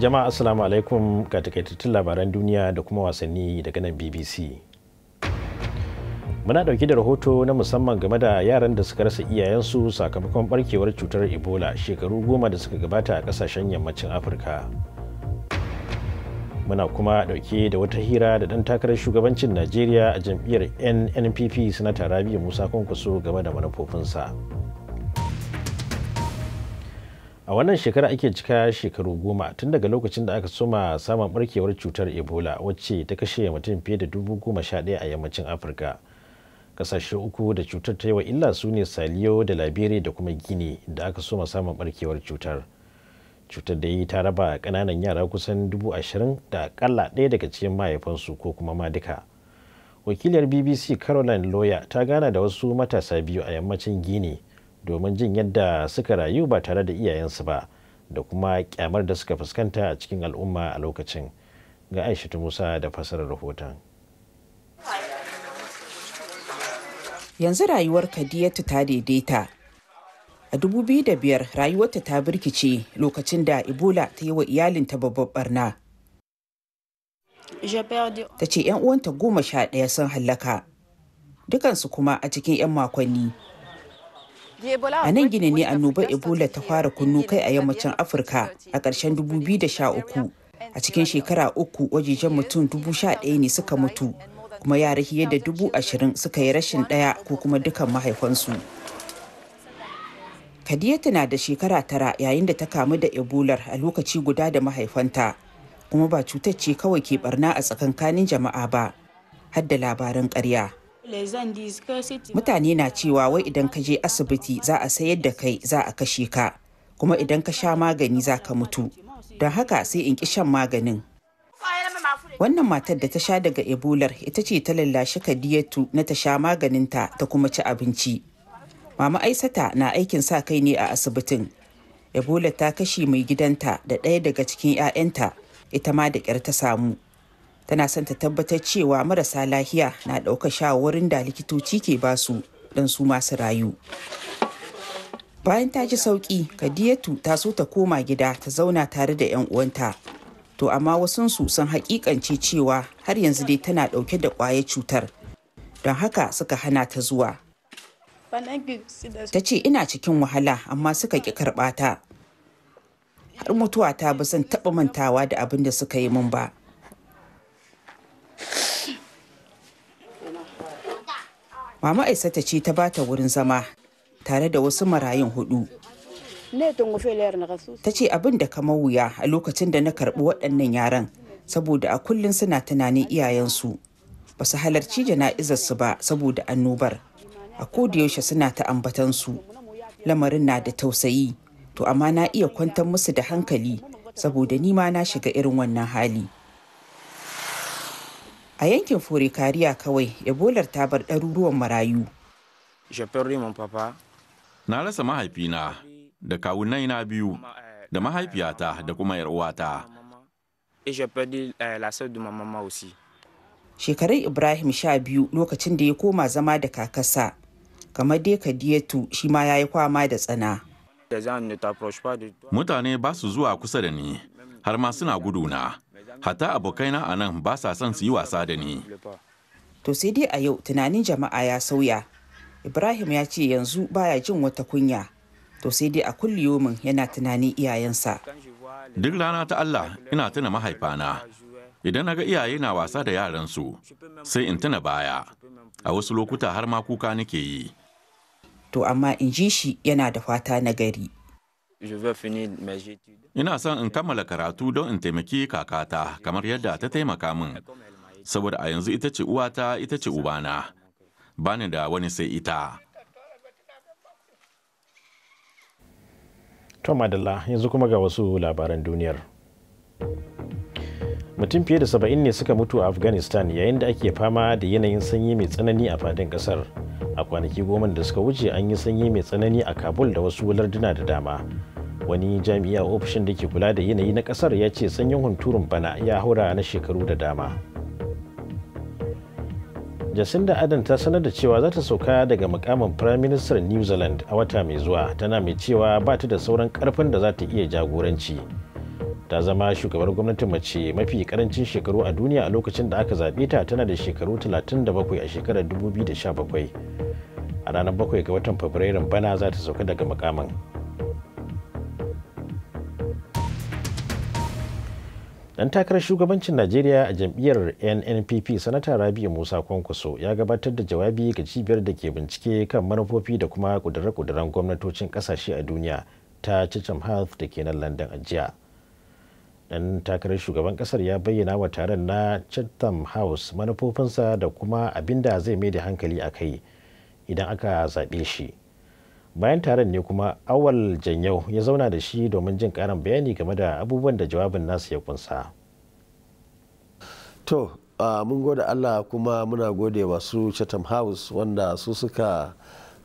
jama'a asalamu alaikum ga takaitattun labaran duniya da kuma wasanni daga nan bbc muna dauke da rahoto na musamman game da yaran da suka rasa iyayensu sakamakon barkewar cutar ebola shekaru goma da suka gabata a kasashen yammacin afirka muna kuma dauke da wata hira da dan takarar shugabancin najeriya a jam'iyyar nnpp sanata rabiu musa kwankwaso game da manufofinsa a wannan shekara ake cika shekaru goma tun daga lokacin da aka soma samun barkewar cutar ebola wacce ta kashe mutum fiye da dubu goma sha ɗaya a yammacin afirka kasashe uku da cutar ta yi wa illa su ne saliyo da liberia da kuma gini da aka soma samun barkewar cutar cutar da yi ta raba kananan yara kusan dubu ashirin da akalla ɗaya daga cikin mahaifansu ko kuma ma duka wakiliyar bbc caroline lawyer ta gana da wasu matasa biyu a yammacin gini domin jin yadda suka rayu ba tare da iyayensu ba da kuma kyamar da suka fuskanta a cikin al'umma a lokacin ga aishatu musa da fasarar rahoton yanzu rayuwar kadiyatu ta daidaita a da biyar, rayuwarta ta birkice lokacin da ebola ta yi wa iyalinta babbar barna ta ce 'yan uwanta goma sha ɗaya sun hallaka dukansu kuma a cikin 'yan makonni a nan gini ne annobar ebola ta fara kunnu kai a yammacin afirka a ƙarshen uku, a cikin shekara uku wajejen mutum dubu sha ɗaya ne suka mutu kuma yara fiye da dubu ashirin suka yi rashin ɗaya ko kuma dukan mahaifansu. Kadiya tana da shekara tara yayin da ta kamu da ebolar a lokaci guda da mahaifanta, kuma ba cutar ce kawai ke barna a tsakankanin jama'a ba, har da labaran karya Mutane na cewa wai idan ka je asibiti za a sayar da kai za a kashe ka, kuma idan ka sha magani za ka mutu. Don haka sai in ki shan maganin. wannan matar da ta sha daga ebolar ita ce ta lallashi kadiyatu na ta sha maganinta ta kuma ci abinci mama aisata na aikin sa kai ne a asibitin ebola ta kashe mai gidanta da ɗaya daga cikin 'ya'yanta ita ma da ƙyar ta samu tana son ta tabbatar cewa marasa lahiya na ɗaukar shawarin da likitoci ke basu don su masu rayu bayan ta ji sauƙi kadiyatu ta so ta koma gida ta zauna tare da 'yan uwanta to amma wasunsu sun hakikance cewa har yanzu dai tana dauke da kwayar cutar don haka suka hana ta zuwa ta ce ina cikin wahala amma suka ki karɓa har mutuwa ta ba zan taɓa mantawa da abin da suka yi min ba mama ta ce ta bata wurin zama tare da wasu marayun hudu ta ce abin da kama wuya a lokacin da na karɓi waɗannan yaran saboda a kullum suna tunanin iyayensu ba su halarci jana'izarsu ba saboda annobar a yaushe suna ta ambatansu lamarin na da tausayi to amma na iya kwantar musu da hankali saboda ni ma na shiga irin wannan hali a yankin fure kariya kawai ebolar ta bar ɗaruruwan marayu na rasa mahaifina da kawunai na biyu eh, da mahaifiyata da kuma yaruwata uwata eh, shekarun ibrahim sha biyu lokacin da ya koma zama da kakasa kamar dai kadiyatu shi ma ya yi kwama da tsana mutane ba su zuwa kusa da ni har ma suna guduna Hata abokaina a nan ba sa son su yi wasa da ni to sai dai a yau tunanin jama'a ya sauya ibrahim ya ce yanzu baya jin wata kunya to sai dai a kulli yomin yana tunanin iyayensa duk rana ta Allah ina tuna mahaifana idan na ga iyaye na wasa da yaransu sai in tuna baya a wasu lokuta har ma kuka nake yi to amma in ji shi yana da fata na gari ina son in kammala karatu don in taimaki kakata kamar yadda ta taimaka min saboda a yanzu ita ce uwata ita ce ubana bani da wani sai ita To madalla yanzu kuma ga wasu labaran duniyar. Mutum fiye da saba'in ne suka mutu a Afghanistan yayin da ake fama da yanayin sanyi mai tsanani a fadin kasar. A kwanaki goma da suka wuce an yi sanyi mai tsanani a Kabul da wasu larduna da dama. Wani jami'a ofishin da ke kula da yanayi na kasar ya ce sanyin hunturun bana ya haura na shekaru da dama. jacinda adam ta sanar da cewa za ta sauka daga mukamin prime minister new zealand a wata mai zuwa tana mai cewa ba ta da sauran karfin da za ta iya jagoranci ta zama shugabar gwamnatin mace mafi karancin shekaru a duniya a lokacin da aka zaɓe ta tana da shekaru 37 a shekarar 2017 a ranar 7 ga watan fabrairun bana za ta sauka daga mukamin. dan takarar shugabancin najeriya a jam'iyyar nnpp sanata rabiu musa kwankwaso ya gabatar da jawabi ga cibiyar da ke bincike kan manufofi da kuma kudura-kuduran gwamnatocin kasashe a duniya ta chicham health da ke nan london a jiya dan takarar shugaban kasar ya bayyana wa taron na chatham house manufofinsa da kuma abinda zai mai da hankali a kai idan aka zaɓe shi bayan taron ne kuma awal janyau ya zauna da shi domin jin karin bayani game da abubuwan da jawabin nasu ya kunsa to uh, mun gode allah kuma muna gode masu chatham house wanda su suka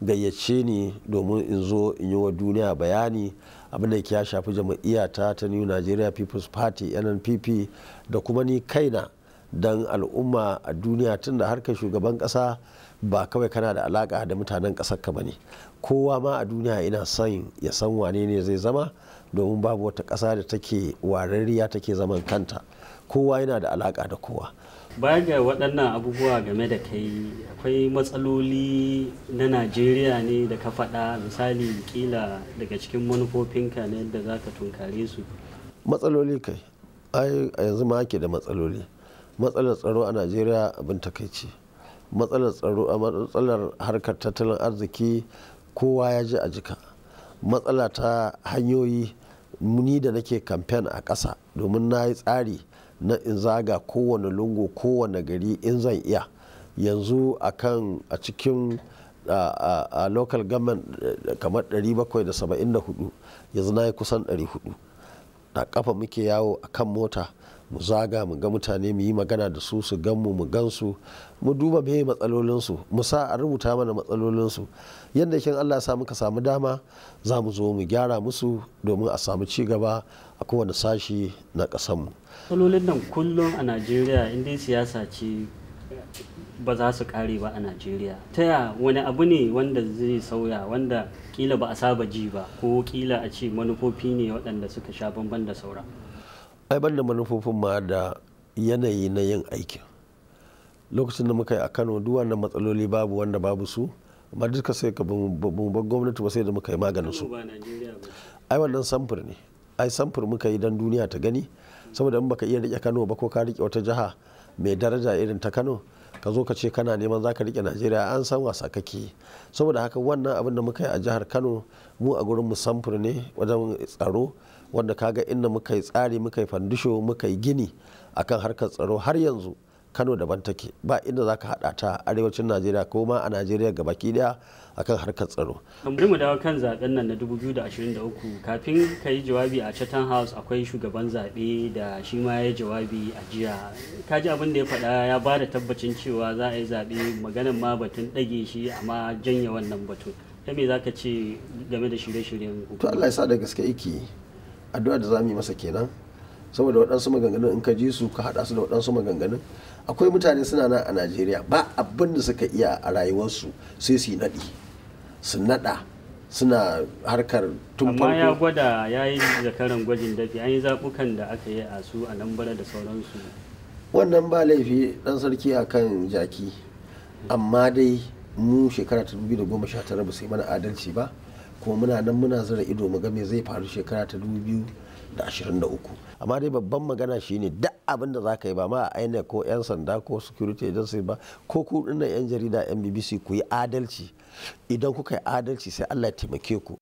gayyace ni domin in zo in yi wa duniya bayani abinda ya shafi jama'iyyata ta new nigeria people's party nnpp da kuma ni kaina don al'umma a duniya tun da harkar shugaban kasa ba kawai kana da alaka da mutanen ƙasar ba ne kowa ma a duniya ina son ya san wane ne zai zama domin babu wata ƙasa da take warariya take zaman kanta kowa yana da alaka da kowa baya ga waɗannan abubuwa game da kai akwai matsaloli na najeriya ne da ka faɗa misali kila daga cikin manufofinka na yadda za ka tunkare su matsaloli kai a yanzu ma ke da matsaloli matsalar tsaro a najeriya abin takaici matsalar tsaro a matsalar harkar tattalin arziki kowa ya ji a jika matsala ta hanyoyi ni da nake kamfen a ƙasa domin na yi tsari na in zaga kowane lungu kowane gari in zan iya yanzu kan a cikin a local government eh, kamar 774 yanzu na yi kusan 400 da kafa muke yawo a kan mota mu zaga mu ga mutane mu yi magana da su su gan mu mu gan su mu duba me su mu sa a rubuta mana matsalolinsu yadda kin Allah sa muka samu dama za mu zo mu gyara musu domin a samu ci gaba a kowane sashi na mu. matsalolin nan kullum a najeriya inda siyasa ce ba za su kare ba a najeriya ta ya wani abu ne wanda zai sauya wanda kila ba a saba ji ba ko kila a ce manufofi ne waɗanda suka sha bamban da saura ai ban da manufofin ma da yanayi na yin aikin lokacin da muka yi a kano duk wannan matsaloli babu wanda babu su amma duka sai ka bumbar gwamnati ba sai da muka yi maganin su ai wannan samfur ne ai samfur muka yi don duniya ta gani saboda in baka iya rike kano ba ko ka rike wata jiha mai daraja irin ta kano ka zo ka ce kana neman za ka rike najeriya an san wasa kake saboda haka wannan abin da muka yi a jihar kano mu a gurin mu samfur ne wajen tsaro wanda kaga inda muka yi tsari muka yi fandisho muka yi gini akan harkar tsaro har yanzu kano daban take ba inda za ka haɗa ta arewacin najeriya ko ma a najeriya ga baki daya akan harkar tsaro bari mu dawo kan zaben nan na 2023 kafin ka yi jawabi a chatham house akwai shugaban zaɓe da shi ma ya jawabi a jiya ka ji abin da ya faɗa ya ba da tabbacin cewa za a yi zaɓe maganan ma batun dage shi amma janye wannan batun ta me za ka ce game da shirye-shiryen to allah ya sa da gaske iki addu'a da za mu yi masa kenan saboda waɗansu maganganun in ka ji su ka haɗa su da waɗansu maganganun akwai mutane suna nan a najeriya ba abin da suka iya a rayuwarsu sai su yi naɗi su naɗa suna harkar tun farko amma ya gwada ya yi zakaran gwajin dafi an yi zaɓukan da aka yi a su a lambara da sauransu wannan ba laifi ɗan sarki akan jaki amma dai mu shekara ta 2019 ba sai mana adalci ba kuma muna nan muna zira ido mu ga me zai faru shekara ta dubu biyu 2023 amma dai babban magana shine duk abin da za ka yi ba ma a aina ko 'yan sanda ko security agency ba ko kudin nan 'yan jarida yan bbc ku yi adalci idan kuka yi adalci sai allah ya taimake ku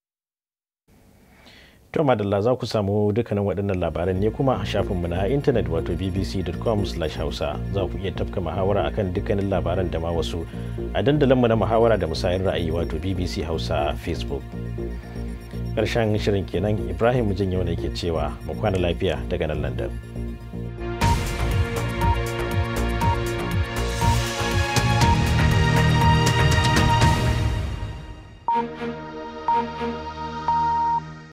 To madalla za ku samu dukkanin waɗannan labaran ne kuma a mu na intanet wato bbc.com/hausa za ku iya tafka muhawara akan dukkanin labaran da ma wasu a dandalin mu na muhawara da musayar ra'ayi wato BBC Hausa Facebook. karshen shirin kenan Ibrahim yau ne ke cewa mu kwana lafiya daga nan London.